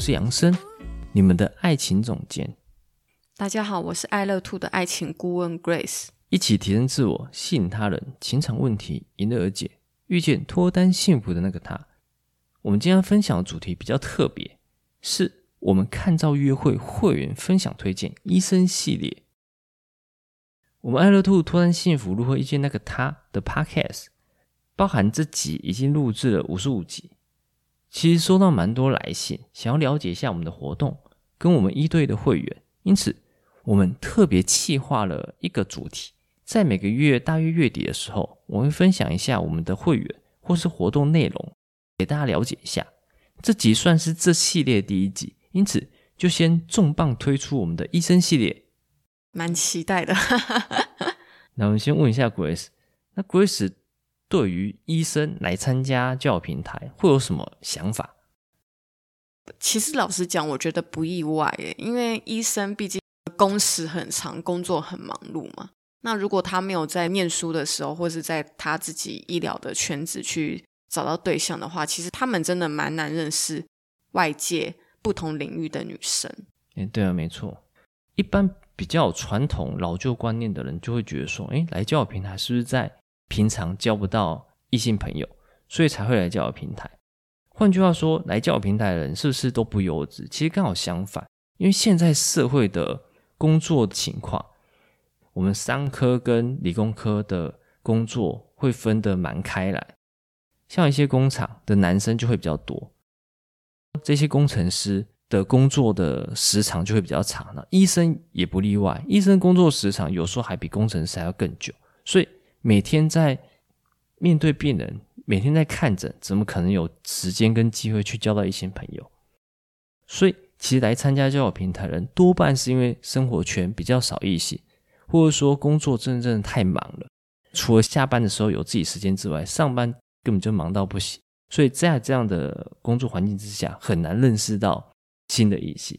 我是楊森，你們的愛情總監。大家好，我是愛樂 Two 的愛情顧問 Grace。一起提升自我，吸引他人，情場問題迎刃而解，遇見脫單幸福的那個他。我們今天分享的主題比較特別，是我們看照約會會會員分享推薦醫生系列。我們愛樂 Two 脫單幸福如何遇見那個他的 Podcast，包含這集已經錄製了五十五集。其實收到蠻多來信，想要了解一下我們的活動跟我們一對一的會員，因此我們特別企劃了一個主題，在每個月大約月底的時候，我會分享一下我們的會員或是活動內容，給大家了解一下。這集算是這系列第一集，因此就先重磅推出我們的醫生系列，蠻期待的。哈哈哈，那我們先問一下 Grace，那 Grace。對於醫生來參加交友平台會有什麼想法？其實老實講，我覺得不意外耶，因為醫生畢竟工時很長，工作很忙碌嘛。那如果他沒有在念書的時候，或是在他自己醫療的圈子去找到對象的話，其實他們真的蠻難認識外界不同領域的女生。欸，對啊，沒錯。一般比較傳統、老舊觀念的人就會覺得說：“欸，來交友平台是不是在？”平常交不到異性朋友，所以才會來交友平台。換句話說，來交友平台的人是不是都不優質？其實剛好相反，因為現在社會的工作情況，我們商科跟理工科的工作會分得蠻開來。像一些工廠的男生就會比較多，這些工程師的工作的時長就會比較長。醫生也不例外，醫生工作時長有時候還比工程師還要更久，所以。每天在面對病人，每天在看診，怎麼可能有時間跟機會去交到一些朋友？所以，其實來參加交友平台的人多半是因為生活圈比較少異性，或者說工作真的真的太忙了，除了下班的時候有自己時間之外，上班根本就忙到不行。所以在這樣的工作環境之下，很難認識到新的異性。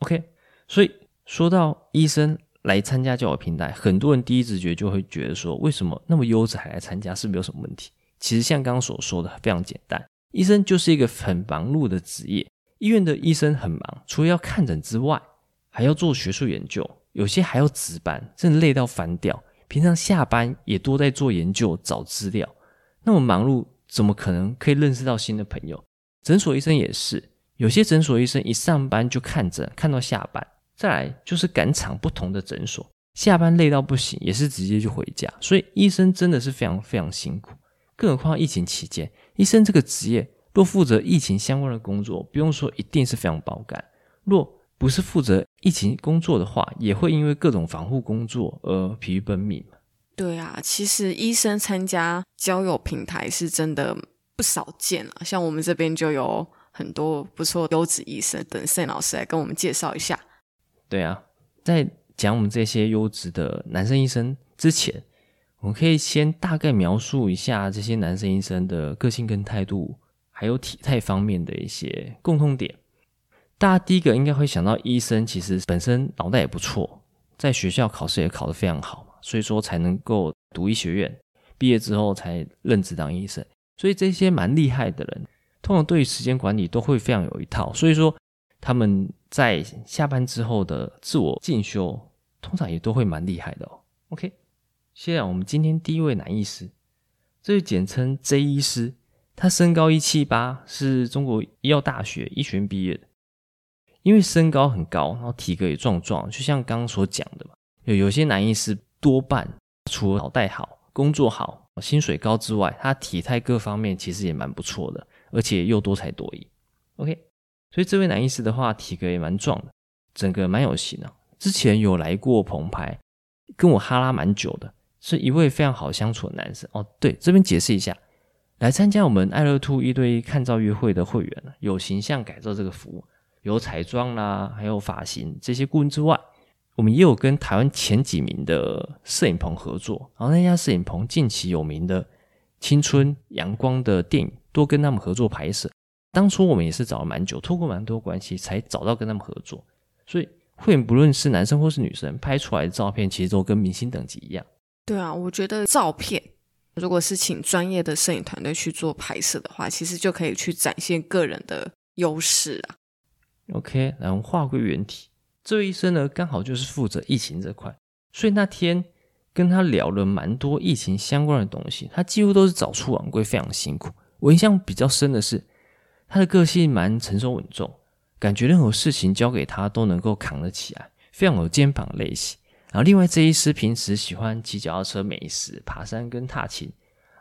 OK，所以說到醫生。來參加交友平台，很多人第一直覺得就會覺得說，為什麼那麼優質還來參加，是沒有什麼問題？其實像剛剛所說的，非常簡單。醫生就是一個很忙碌的職業，醫院的醫生很忙，除了要看診之外，還要做學術研究，有些還要值班，真累到翻掉。平常下班也多在做研究找資料，那麼忙碌，怎麼可能可以認識到新的朋友？診所醫生也是，有些診所醫生一上班就看診，看到下班。再來就是趕場不同的診所，下班累到不行，也是直接就回家。所以醫生真的是非常非常辛苦，更何況疫情期間，醫生這個職業若負責疫情相關的工作，不用說一定是非常爆肝；若不是負責疫情工作的話，也會因為各種防護工作而疲於奔命嘛。對啊，其實醫生參加交友平台是真的不少見了，像我們這邊就有很多不錯的優質醫生，等 Sam 老師來跟我們介紹一下。對啊，在講我們這些優質的男生醫生之前，我們可以先大概描述一下這些男生醫生的個性跟態度，還有體態方面的一些共通點。大家第一個應該會想到，醫生其實本身腦袋也不錯，在學校考試也考得非常好嘛，所以說才能夠讀醫學院，畢業之後才任職當醫生。所以這些蠻厲害的人，通常對於時間管理都會非常有一套，所以說。他們在下班之後的自我進修，通常也都會蠻厲害的哦。OK，現在我們今天第一位男醫師，這位簡稱 J 醫師。他身高一七八，是中國醫藥大學醫學院畢業的。因為身高很高，然後體格也壯壯，就像剛剛所講的嘛，有有些男醫師多半除了腦袋好、工作好、薪水高之外，他體態各方面其實也蠻不錯的，而且又多才多藝。OK。所以這位男醫師的話，體格也蠻壯的，整個蠻有型啊。之前有來過棚拍，跟我哈拉蠻久的，是一位非常好相處的男生哦。對,這邊解釋一下，來參加我們愛樂 Two 一對一看照約會的會員有形象改造這個服務，有彩妝啦，還有髮型這些顧問之外，我們也有跟台灣前幾名的攝影棚合作，然後那家攝影棚近期有名的青春陽光的電影，多跟他們合作拍攝。當初我們也是找了蠻久，透過蠻多關係才找到跟他們合作。所以會員不論是男生或是女生拍出來的照片，其實都跟明星等級一樣。對啊，我覺得照片如果是請專業的攝影團隊去做拍攝的話，其實就可以去展現個人的優勢啊。OK，然後我們話歸原題，這位醫生呢，剛好就是負責疫情這塊，所以那天跟他聊了蠻多疫情相關的東西，他幾乎都是早出晚歸，非常辛苦。我印象比較深的是。他的個性蠻成熟穩重，感覺任何事情交給他都能夠扛得起來，非常有肩膀類型。然後另外這一師平時喜歡騎腳踏車、美食、爬山跟踏青。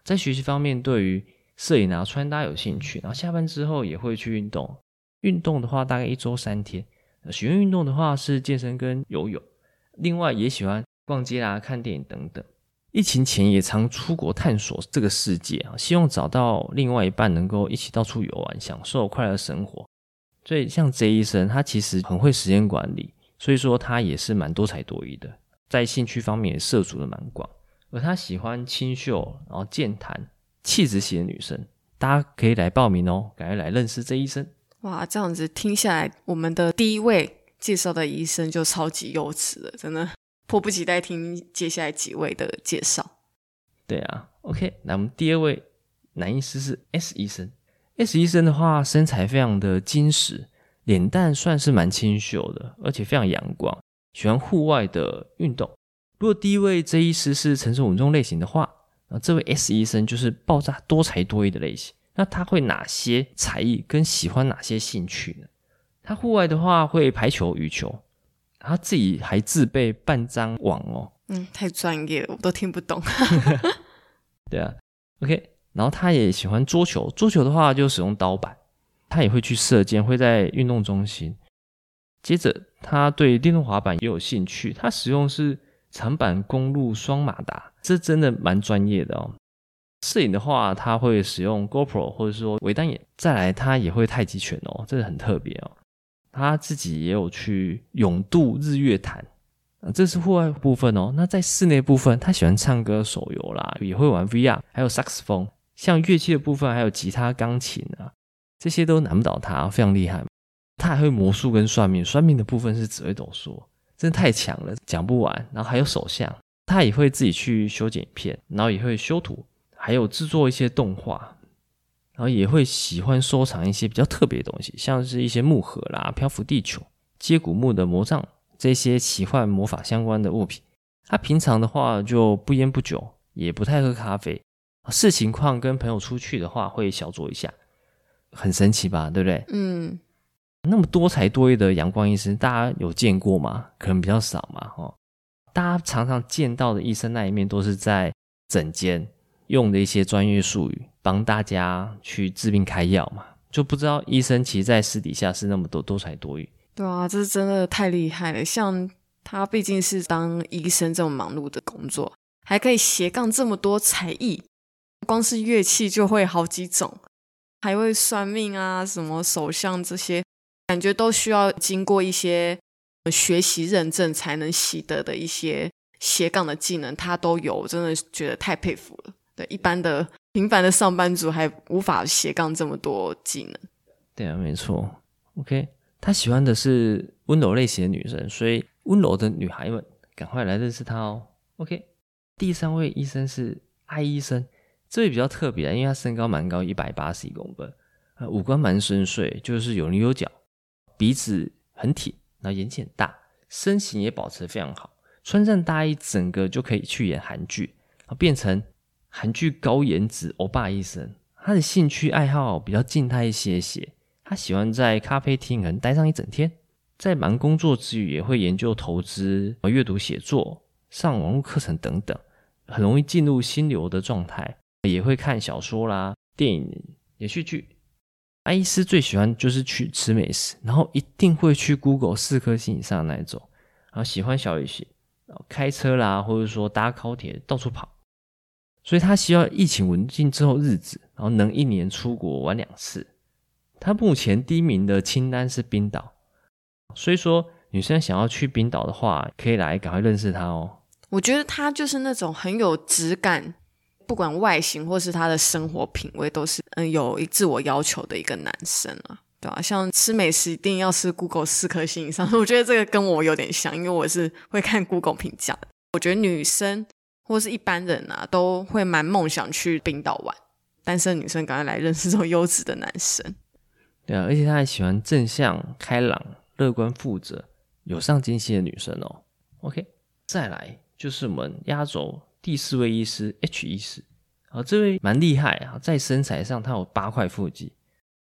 在學習方面，對於攝影啊穿搭，有興趣。然後下班之後也會去運動，運動的話大概一週三天。喜歡運動的話是健身跟游泳，另外也喜歡逛街啊、看電影等等。疫情前也常出國探索這個世界啊，希望找到另外一半，能夠一起到處遊玩，享受快樂的生活。所以像這醫生，他其實很會時間管理，所以說他也是蠻多才多藝的，在興趣方面也涉足得蠻廣。而他喜歡清秀，然後健談、氣質型的女生，大家可以來報名哦，趕快來認識這醫生。哇，這樣子聽下來，我們的第一位介紹的醫生就超級優質的，真的。迫不及待聽接下來幾位的介紹。對啊，OK，那我們第二位男醫師是 S 醫生。S 醫生的話，身材非常的精實，臉蛋算是蠻清秀的，而且非常陽光，喜歡戶外的運動。如果第一位這醫師是成熟穩重類型的話，那這位 S 醫生就是爆炸多才多藝的類型。那他會哪些才藝跟喜歡哪些興趣呢？他戶外的話會排球、羽球。他自己還自備半張網哦。嗯，太專業了，我都聽不懂。 對啊，OK。然後他也喜歡桌球，桌球的話就使用刀板。他也會去射箭，會在運動中心。接着，他對電動滑板也有興趣，他使用是長板公路雙馬達，這真的蠻專業的哦。攝影的話，他會使用 GoPro，或者說微單眼，再來，他也會太極拳哦，這很特別哦。他自己也有去勇渡日月潭，這是戶外部分哦。那在室內部分，他喜歡唱歌、手遊啦，也會玩 VR，還有薩克斯風。像樂器的部分，還有吉他、鋼琴啊，這些都難不倒他，非常厲害。他還會魔術跟算命，算命的部分是紫微斗數，真的太強了，講不完。然後還有手相，他也會自己去修剪影片，然後也會修圖，還有制作一些動畫。然後也會喜歡收藏一些比較特別的東西，像是一些木盒啦、漂浮地球、接骨木的魔杖，這些奇幻魔法相關的物品。他平常的話就不菸不酒，也不太喝咖啡。視情況跟朋友出去的話會小酌一下，很神奇吧，對不對？嗯，那麼多才多藝的陽光醫生，大家有見過嗎？可能比較少嘛，哈、哦。大家常常見到的醫生那一面都是在診間。用的一些專業術語幫大家去治病開藥嘛，就不知道醫生其實在私底下是那麼多多才多藝。對啊，這真的太厲害了。像他畢竟是當醫生這麼忙碌的工作，還可以斜槓這麼多才藝，光是樂器就會好幾種，還會算命啊，什麼手相這些，感覺都需要經過一些學習認證才能習得的一些斜槓的技能，他都有，真的覺得太佩服了。對一般的平凡的上班族還無法斜槓這麼多技能。對啊，沒錯。OK，他喜歡的是溫柔類型的女生，所以溫柔的女孩們趕快來認識他哦。OK，第三位醫生是艾醫生，這位比較特別的，因為他身高蠻高，一百八十一公分，呃，五官蠻深邃，就是有稜有角，鼻子很挺，然後眼睛很大，身形也保持非常好，穿上大衣整個就可以去演韓劇，變成。韓劇高顏值歐巴醫生，他的興趣愛好比較靜態一些些，他喜歡在咖啡廳可能待上一整天，在忙工作之餘也會研究投資、閱讀、寫作、上網絡課程等等，很容易進入心流的狀態，也會看小說啦、電影、連續劇。A 醫師最喜歡就是去吃美食，然後一定會去 Google 四顆星以上的那一種，然後喜歡小遊戲，然後開車啦，或者說搭高鐵到處跑。所以他希望疫情穩定之後日子，然後能一年出國玩兩次。他目前第一名的清單是冰島，所以說女生想要去冰島的話，可以來趕快認識他哦。我覺得他就是那種很有質感，不管外形或是他的生活品味，都是嗯有自我要求的一個男生啊，對啊，像吃美食一定要吃 Google 四顆星以上，我覺得這個跟我有點像，因為我是會看 Google 評價的。我覺得女生。或是一般人啊，都會蠻夢想去冰島玩。單身的女生趕快來認識這種優質的男生。對啊，而且他還喜歡正向、開朗、樂觀、負責、有上進心的女生哦。OK，再來就是我們壓軸第四位醫師 H 醫師。啊，這位蠻厲害啊，在身材上他有八塊腹肌，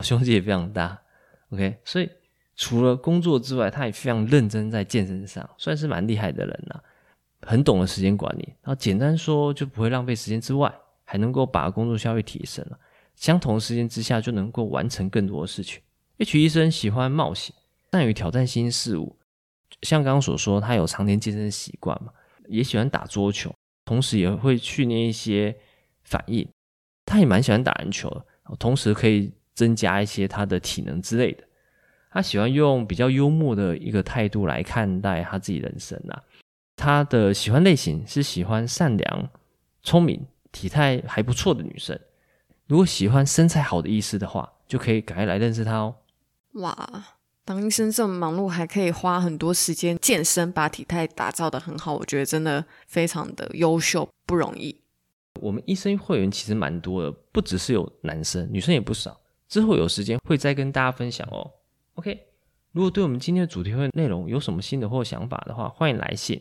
胸肌也非常大。OK，所以除了工作之外，他也非常認真在健身上，算是蠻厲害的人啊。很懂得時間管理，那簡單說就不會浪費時間之外，還能夠把工作效率提升了。相同的時間之下就能夠完成更多的事情。H 醫生喜歡冒險，善於挑戰新事物。像剛剛所說，他有常年健身的習慣嘛，也喜歡打桌球，同時也會去練一些反應。他也蠻喜歡打籃球的，同時可以增加一些他的體能之類的。他喜歡用比較幽默的一個態度來看待他自己人生吶、啊。他的喜歡類型是喜歡善良、聰明、體態還不錯的女生。如果喜歡身材好的醫師的話，就可以趕快來認識他哦。哇，當醫生這麼忙碌，還可以花很多時間健身，把體態打造得很好，我覺得真的非常的優秀，不容易。我們醫生會員其實蠻多的，不只是有男生，女生也不少。之後有時間會再跟大家分享哦。OK，如果對我們今天的主題或內容有什麼心得或想法的話，歡迎來信。